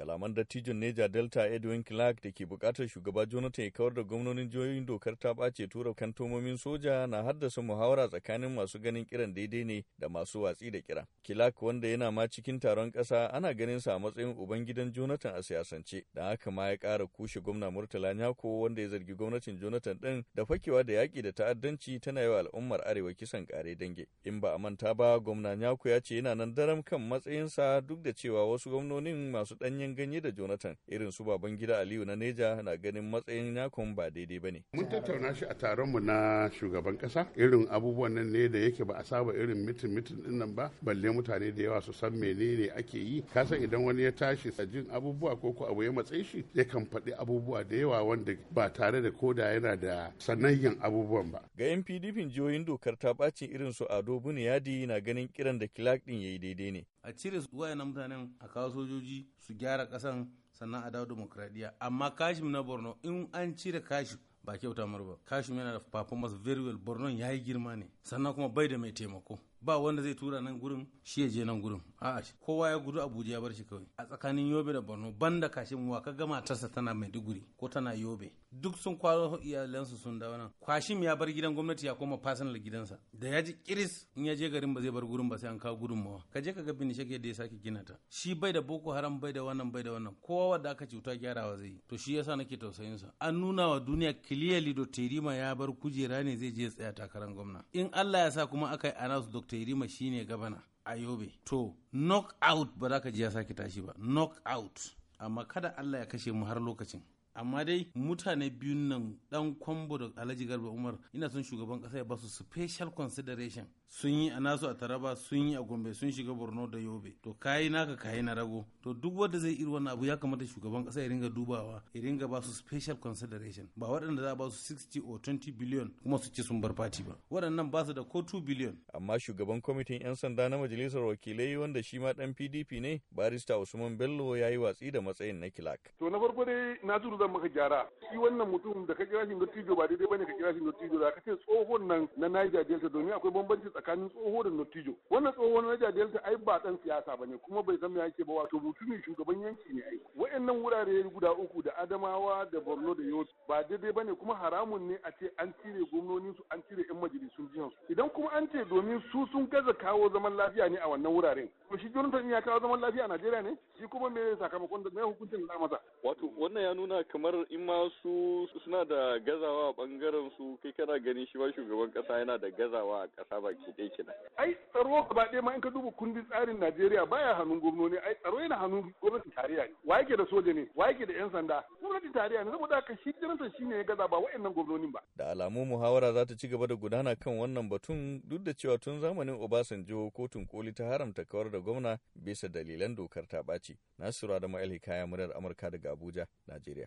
kalaman dattijon neja delta edwin clark da ke bukatar shugaba jonathan ya kawar da gwamnonin jihohin dokar ta bace tura kantomomin soja na haddasa muhawara tsakanin masu ganin kiran daidai ne da masu watsi da kira clark wanda yana ma cikin taron ƙasa ana ganin sa a matsayin uban gidan jonathan a siyasance da haka ma ya kara kushe gwamna murtala nyako wanda ya zargi gwamnatin jonathan ɗin da fakewa da yaƙi da ta'addanci tana yawa al'ummar arewa kisan kare dange in ba a manta ba gwamna nyako ya ce yana nan daram kan matsayinsa duk da cewa wasu gwamnonin masu ɗanyen bayan ganye da Jonathan irin su baban gida Aliyu na Neja na ganin matsayin yakon ba daidai ba ne. Mun tattauna shi a taronmu na shugaban kasa irin abubuwan nan ne da yake ba a saba irin mitin mitin din ba balle mutane da yawa su san menene ake yi kasan idan wani ya tashi jin abubuwa ko ko abu ya matse shi yakan faɗi abubuwa da yawa wanda ba tare da koda yana da sanayyan abubuwan ba. Ga 'yan PDP jihohin dokar ta ɓaci irin su Ado Buniyadi na ganin kiran da Kilak ɗin ya yi daidai ne. A cire wayannan mutanen a kawo sojoji su gyara gyara kasan sannan a dawo demokradiyya amma kashim na borno in an cire kashim ba kyauta mar ba kashim yana da performance very well borno ya yi girma ne sannan kuma bai da mai taimako ba wanda zai tura nan gurin shi ya je nan gurin a'a kowa ya gudu abuja ya bar shi kawai a tsakanin yobe da borno banda kashin wa ka gama tarsa tana maiduguri ko tana yobe duk sun kwaro iyalansu sun dawo nan ya bar gidan gwamnati ya koma personal gidansa da ya ji kiris in ya je garin ba zai bar gurin ba sai an kawo mawa ka je ka ga bin shege da ya sake gina ta shi bai da boko haram bai da wannan bai da wannan kowa wanda aka cuta gyarawa zai yi to shi yasa nake tausayin sa an nuna wa duniya clearly do terima ya bar kujera ne zai je ya tsaya takarar gwamna in Allah ya sa kuma aka yi anasu terima shine gabana a yobe to knock out ba za ka ji ya sake tashi ba knock out amma kada allah ya kashe mu har lokacin amma dai mutane biyun nan dan kwambo da alhaji garba umar ina son shugaban kasa ya basu special consideration sun yi a nasu a taraba sun yi a gombe sun shiga borno da yobe to kayi naka kayi na rago to duk wanda zai iri wannan abu ya kamata shugaban kasa ya ringa dubawa ya ringa basu special consideration ba waɗanda za a basu 60 or 20 billion kuma su ci sun bar fati ba waɗannan ba su da ko 2 billion amma shugaban kwamitin yan sanda na majalisar wakilai wanda shi ma dan PDP ne barista Usman Bello ya yi watsi da matsayin na Kilak to na farko dai na zan maka gyara shi wannan mutum da ka kira shi nottijo ba daidai bane ka kira shi nottijo da ka ce tsohon nan na Niger Delta domin akwai bambanci tsakanin tsoho da notijo wannan tsoho na Niger Delta ai ba dan siyasa bane kuma bai san me yake ba wato mutumin shugaban yanki ne ai wayannan wurare guda uku da Adamawa da Borno da Yobe ba daidai bane kuma haramun ne a ce an cire gwamnonin su an cire yan majalisun jihar su idan kuma an ce domin su sun gaza kawo zaman lafiya ne a wannan wuraren to shi Jonathan ya kawo zaman lafiya a Najeriya ne shi kuma me sakamakon da me hukuncin da masa wato wannan ya nuna kamar in ma su suna da gazawa a bangaren su kai kana ganin shi ba shugaban kasa yana da gazawa a kasa ke ɗaya kina Ai tsaro gaba ɗaya ma in ka duba kundin tsarin Najeriya baya hannun gwamnoni ai tsaro yana hannun gwamnatin tarayya ne. Wa yake da soja ne? Wa yake da 'yan sanda? Gwamnatin tarayya ne saboda haka shi jiransa shi ne ya gaza ba wa'annan gwamnonin ba. Da alamu muhawara za ta ci gaba da gudana kan wannan batun duk da cewa tun zamanin Obasanjo kotun koli ta haramta kawar da gwamna bisa dalilan dokar ta ɓaci. Nasiru Adamu Alhikaya murar Amurka daga Abuja, Najeriya.